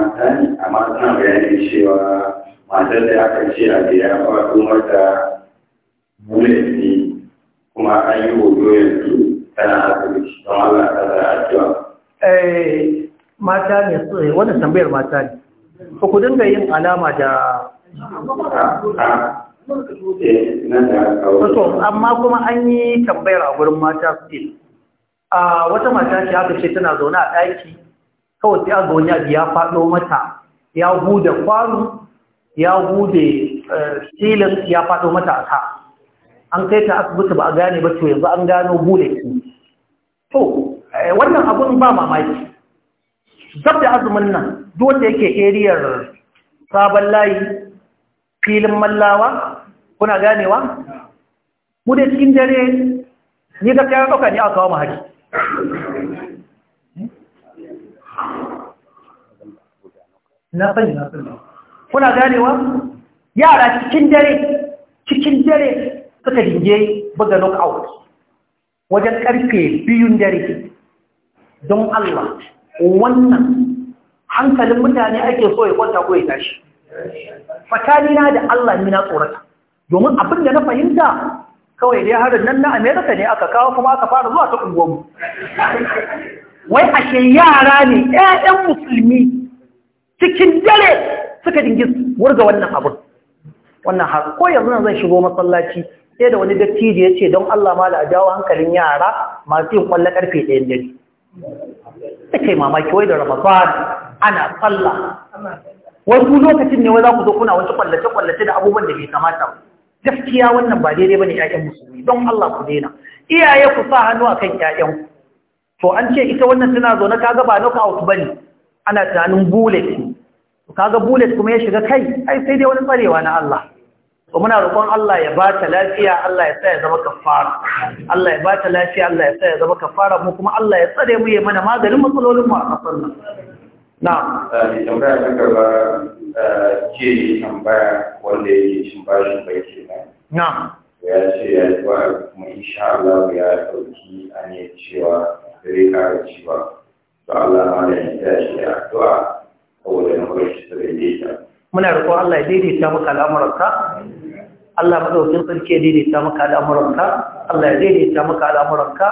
mata ne amma suna cewa da aka ce a ba ne kuma an yi hoto yanzu tana asibiti don Allah ta eh, mata ne eh, wannan tambayar mata ne. ku dinga yin alama da eh, Wato, amma kuma an yi tambayar a gurin mata su a ah, wata mata ce aka ce tana zaune a ɗaki kawai sai ga wani abu ya faɗo mata ya hude kwano ya hude eh, silin ya faɗo mata a ka an kai ta asibiti ba a gane ba to yanzu an gano bullet to eh, wannan abun ba mamaki zab da azumin nan duk wanda yake eriyar sabon layi filin mallawa kuna ganewa mu da cikin dare ni ga kayan ɗauka ne aka kawo mu mahari na sani na kuna ganewa yara cikin dare cikin dare suka dinge buga knockout wajen karfe biyun dare don Allah wannan hankalin mutane ake so ya kwanta ko ya tashi na da Allah ni na tsorata domin abin da na fahimta kawai dai harin nan na Amerika ne aka kawo kuma aka fara zuwa ta unguwanmu wai ashe yara ne 'ya'yan musulmi cikin dare suka jingis wurga wannan abun wannan har ko yanzu zan shigo masallaci sai da wani dattijo ya ce don Allah ma da a jawo hankalin yara masu yin kwallon karfe ɗayan dare take mamaki wai da ramadan ana sallah wasu lokacin ne wai za ku zo kuna wasu kwallace-kwallace da abubuwan da bai kamata ba gaskiya wannan ba daidai bane ƴaƴan musulmi don Allah ku daina iyaye ku sa hannu akan ƴaƴan to an ce ita wannan tana zo na kaga ba knock out bane ana tunanin bullet kaga bullet kuma ya shiga kai ai sai dai wani tsarewa na Allah to muna roƙon Allah ya ba ta lafiya Allah ya sa ya zama kafara Allah ya ba ta lafiya Allah ya sa ya zama kafara mu kuma Allah ya tsare mu ya mana maganin matsalolin mu a kasar nan na eh, tambaya ta gaba ce eh, tambaya wanda yake shin ba shi bai ke na ya ce ya yi ba kuma insha Allah ya dauki yi cewa zai kara cewa to Allah ma da ya shi addu'a saboda na farshi ta daidaita muna roƙon Allah ya daidaita maka al'amuranka Allah madaukakin sarki ya daidaita maka al'amuranka Allah ya daidaita maka al'amuranka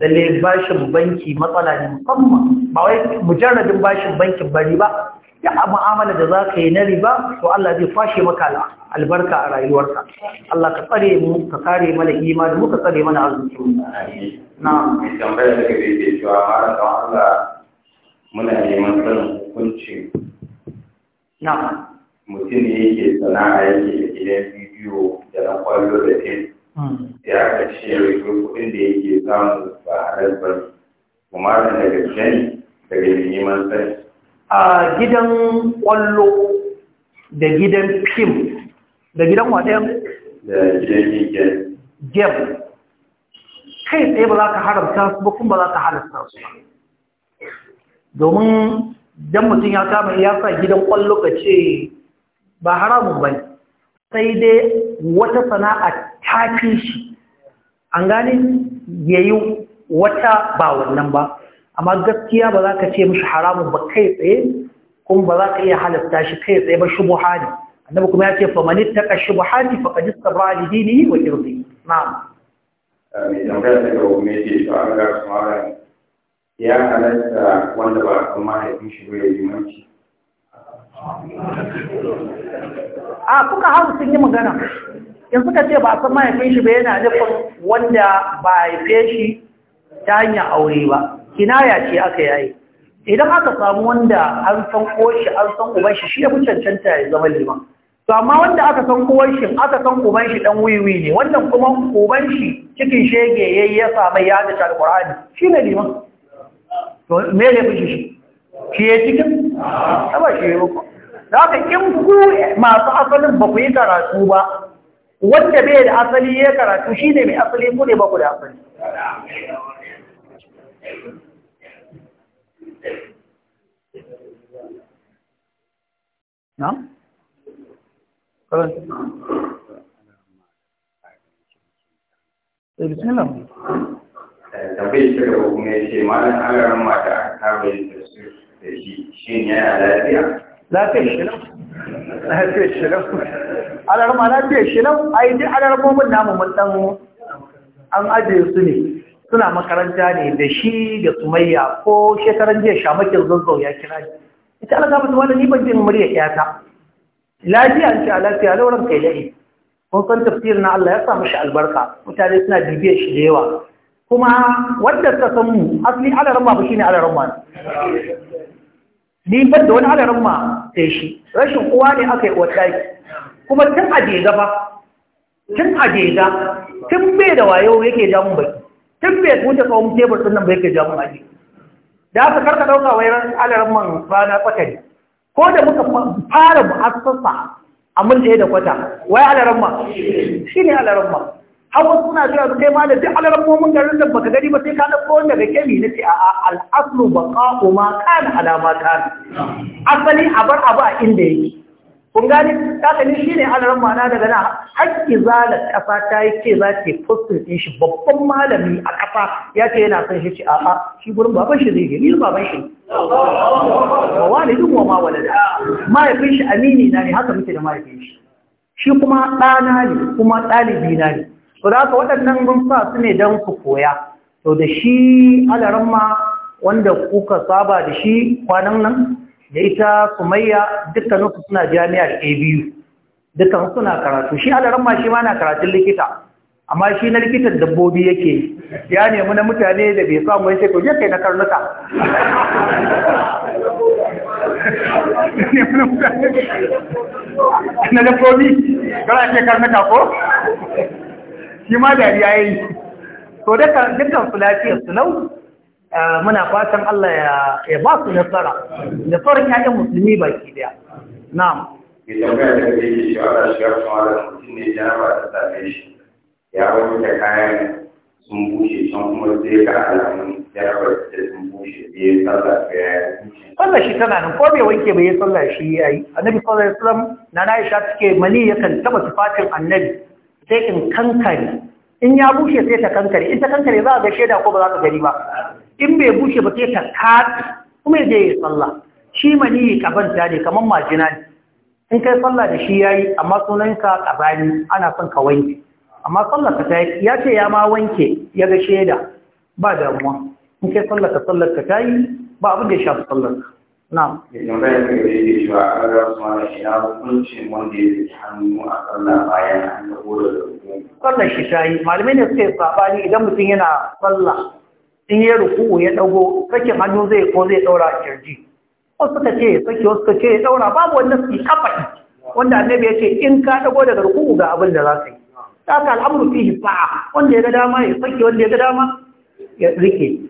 lalle bashin banki matsala ne musamman ba wai mujarradin bashin bankin bari ba da mu'amala da za ka yi na riba to Allah zai fashe maka albarka a rayuwarka Allah ka tsare mu ka kare mana imani muka tsare mana arziki na tambaya da kake ce cewa malam don Allah muna neman sanin hukuncin na mutum ne yake sana'a yake da gidan bidiyo da na kwallo da fim ya ka ce kuɗin da yake samu ba a ba kuma da daga gani daga neman sani a gidan kwallo da gidan fim da gidan waɗayan da gidan gem kai tsaye ba za ka haramta su ba kuma ba za ka halarta su ba domin dan mutum ya kama ya sa gidan kwallo ka ce ba haramun ba sai dai wata sana'a ta fi shi an gane ya yi wata ba wannan ba amma gaskiya ba za ka ce mashi haramun ba kai tsaye kuma ba za ka iya halasta shi kai tsaye ba shubuha ne annabi kuma ya ce fa man ittaqa fa faqad istabra li dini wa irdihi na'am amin ka ce ko me ce to ya halatta wanda ba a mahaifin shi ya mace. A kuka hau sun yi magana, in suka ce ba a san mahaifin shi ba yana nufin wanda ba a haife shi ta hanyar aure ba, ya ce aka yayi. Idan aka samu wanda an san koshi an san uban shi shi ya fi cancanta ya zama liman. To amma wanda aka san kowar shi aka san uban shi dan wiwi ne, wannan kuma uban shi cikin shege ya yi ya samu ya da Qur'ani, shi ne liman. to me ne fushi shi shi ya cikin ba shi ya muku da haka in ku masu asalin ba ku yi karatu ba wanda bai da asali ya karatu shi ne mai asali ku ne ba ku da asali na? ƙarfi tambayi ta gaba kuma ya ce malam alaran mata ta kama da su da shi shi ne yana lafiya lafiyar shirin lafiyar shirin alarma shi nan, a yi duk alarmomin namu mun an ajiye su ne suna makaranta ne da shi da sumayya ko shekaran jiya shamakin zazzau ya kira shi ita alaka mutu wani niban jin murya yata lafiya ce a lafiya lauran kai la'i kun san tafsir na Allah ya sa mashi albarka mutane suna bibiyar shi da yawa kuma wadda ta san mu asali alaran ba shi ne alaran ma ni ban da wani alaran ta shi rashin uwa ne aka yi uwar kuma tun a jeza ba tun a jeza tun bai da wayo yake jamun bai, tun bai kuce tsawon tebur ɗin nan ba yake jamun aji da aka karka ɗauka wai alaran rana kwatari ko da muka fara mu'assasa a mun da kwata wai alaran ma shi ne alaran hawa suna jira su kai malam duk alaran momin garin da baka gani ba sai ka ɗauko wanda da kemi na ce a'a al'aslu ba ƙa'u ma kana alama kana asali a bar abu a inda yake kun gani kakani shi ne alaran ma'ana daga na haƙƙi zalar ƙasa ta yi ce za ce fuskin ɗin shi babban malami a ƙasa ya ce yana son shi ce a'a shi gurin baban shi zai gani baban shi wa walidin wa ma walada mahaifin shi amini na ne haka muke da mahaifin shi shi kuma ɗana ne kuma ɗalibi na ne so da haka waɗannan mun su ne don ku koya to da shi alaramma wanda kuka saba da shi kwanan nan da ita sumayya dukkaninsu suna jami'ar abu dukkan suna karatu shi alaramma shi ma na karatun likita amma shi na likitan dabbobi yake ya nemi na mutane da bai sa mai sai to je kai na karnuka na dabbobi gara ce karnuka ko shi ma dariya ya yi to daga dukkan su lafiyar su lau muna fatan Allah ya ba su nasara da sauran ƴaƴan musulmi baki daya na'am ya tambaya da ke yi shi wa shi wa kuma da mutum ne ya ba ta same shi ya wanke kayan sun bushe sun kuma zai ga alamun jarabar da sun bushe da ya sallah ga ya sallah shi tana nan ko bai wanke bai ya sallah shi ya yi annabi sallallahu alaihi wasallam na na Aisha take mani yakan taba tufatin annabi sai in kankare in ya bushe sai ta kankare in ta kankare za a ga shaida ko ba za ka gani ba in bai bushe ba sai ta kaɗi kuma ya je ya sallah shi ƙaban kabanta ne kamar majina ne in kai sallah da shi ya yayi amma sunanka kabani ana son ka wanke amma sallah ka ta ya ce ya ma wanke ya ga shaida ba damuwa in kai sallah ka sallar ka yi ba abin da ya shafi sallar ka na'am yana da yake cewa an ga su ma ina hukuncin wanda ya saki hannu a sallah bayan an dago da ruku sallar shi ta yi malamai ne suka yi sabani idan mutum yana sallah in ya ruku ya dago sake hannu ko zai daura a kirji wasu suka ce sake wasu suka ce ya babu wanda su yi wanda annabi ce in ka dago daga ruku ga abin da za ka yi haka al'amuru fa'a wanda ya ga dama ya wanda ya ga dama ya rike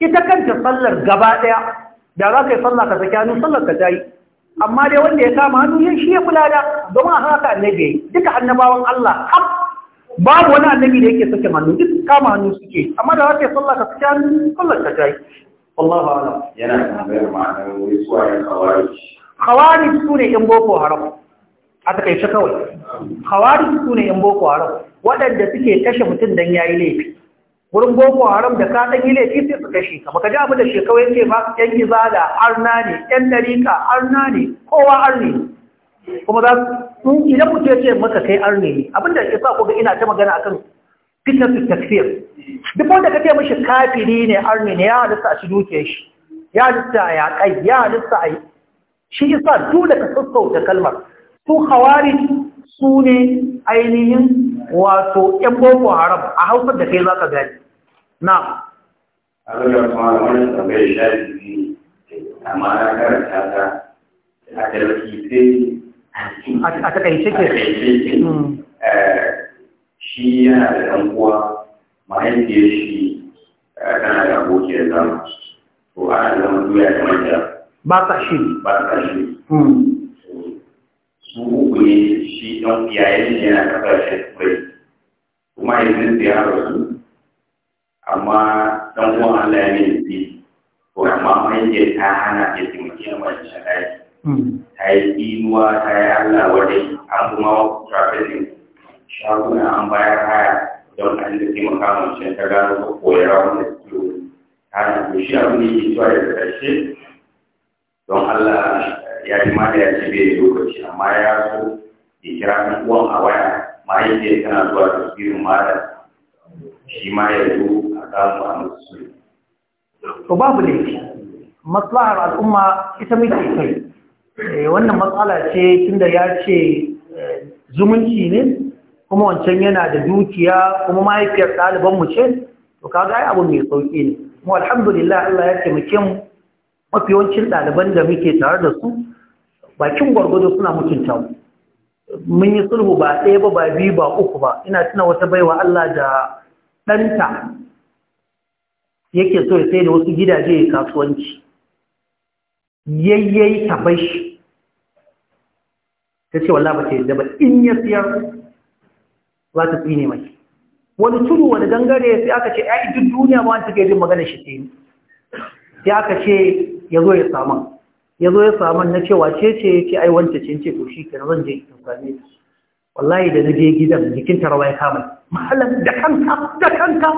ita kanta sallar gaba ɗaya. da za ka yi sallah ka saki hannu sallar ka tayi amma dai wanda ya kama hannu ya shi ya kula da domin a haka annabi yayi duka annabawan Allah har babu wani annabi da yake saki hannu duk kama hannu suke amma da za ka yi sallah ka saki hannu sallar ka tayi ba Allah yana tambayar ma'anar wai suwa ya kawai khawarij ne yan boko haram a takaice kawai khawarij ne yan boko haram waɗanda suke kashe mutum don yayi laifi wurin boko haram da ka ɗan yi laifi sai su kashi kama ka ji abu da shekau yake ba yan izala arna ne yan ɗarika arna ne kowa arne kuma za su idan mutum ya ce maka kai arne ne abin da sa kuma ina ta magana akan fitar su tafiyar duk wanda ka ce mashi kafiri ne arne ne ya halitta a shi dukiyar shi ya halitta ya yaƙai ya halitta a shi isa dole ka sassauta kalmar su hawari su ne ainihin wato ‘yan boko haram a hausar da kai za ka gani na a takaice ke hmm. eh, shi yana da ɗan kuwa mahaifiyar shi eh, tana da abokiyar zama to ana zama doya da manja ba sa shi ba sa shi hmm. ne shi ɗan iyayen shi yana kasashen turai kuma yanzu ya rasu amma ɗan uwan Allah ya ne nufi ko amma mahaifiyar ta hana ya taimaki na mace ta yi inuwa ta yi Allah wadai an kuma trafficking shaguna an bayar haya don an da taimaka ta gano ko koyar wanda suke ta na shi abu ne ke zuwa daga ƙarshe don Allah ya ji ma ya ce bai lokaci amma ya so ya kira ɗan uwan a waya mahaifiyar tana zuwa tasirin mata shi ma ya zo a samu a musu to babu laifi maslahar al'umma ita muke kai eh, wannan matsala ce tunda ya ce eh, zumunci ne kuma wancan yana da dukiya kuma mahaifiyar mu ce to kaga ai abu mai sauƙi ne mu alhamdulillah Allah ya taimake mu mafi yawancin ɗaliban da muke tare da su bakin gwargwado suna mutunta mu mun yi sulhu ba ɗaya ba ba biyu ba uku ba ina tuna wata baiwa Allah da ɗanta yake so ya sai da wasu gidaje ya kasuwanci yayyai ta bai shi. ta ce wallah ba ta yadda ba in ya siyar za ta tsine mai wani tudu wani gangare sai aka ce ya duk duniya ma wani take jin magana shi sai aka ce ya zo ya saman ya zo ya saman na cewa ce ce ya ce ai wanta ce ce to shi ke zan je in same ta wallahi da na je gidan jikin tarawa ya kama malam da kanka da kanka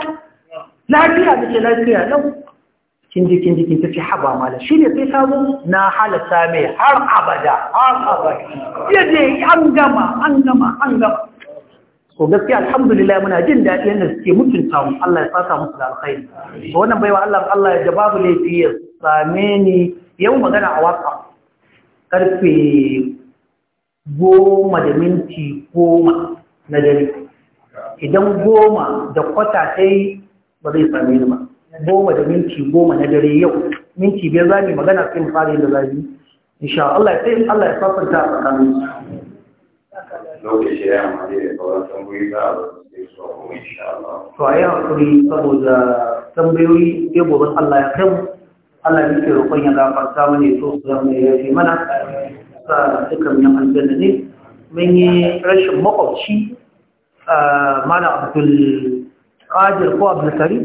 lafiya da ce lafiya lau kin ji kin ji kin tafi haba malam shi ne sai ta zo na halatta mai har abada har abada ya je an gama an gama an gama to gaskiya alhamdulillah muna jin daɗi yadda suke mutunta mu Allah ya fasa musu da alkhairi to wannan baiwa Allah Allah ya jababu laifi same ni yau magana a whatsapp karfe goma da minti goma na dare idan goma da kwata sai ba zai same ni ba goma da minti goma na dare yau minti biyar za mu magana sai mu fara yin da zafi insha Allah sai Allah ya fafanta a tsakanin lokaci ya amma dai sauran tambayoyi za a zai a kuma insha Allah to a yi haƙuri saboda tambayoyi ya gobe Allah ya kai mu Allah ya ke roƙon ya gafarta mana ya so su mai yafi mana sa dukkan nan aljanna ne mun yi rashin makwabci ah, mana Abdul Qadir ko Abdul Karim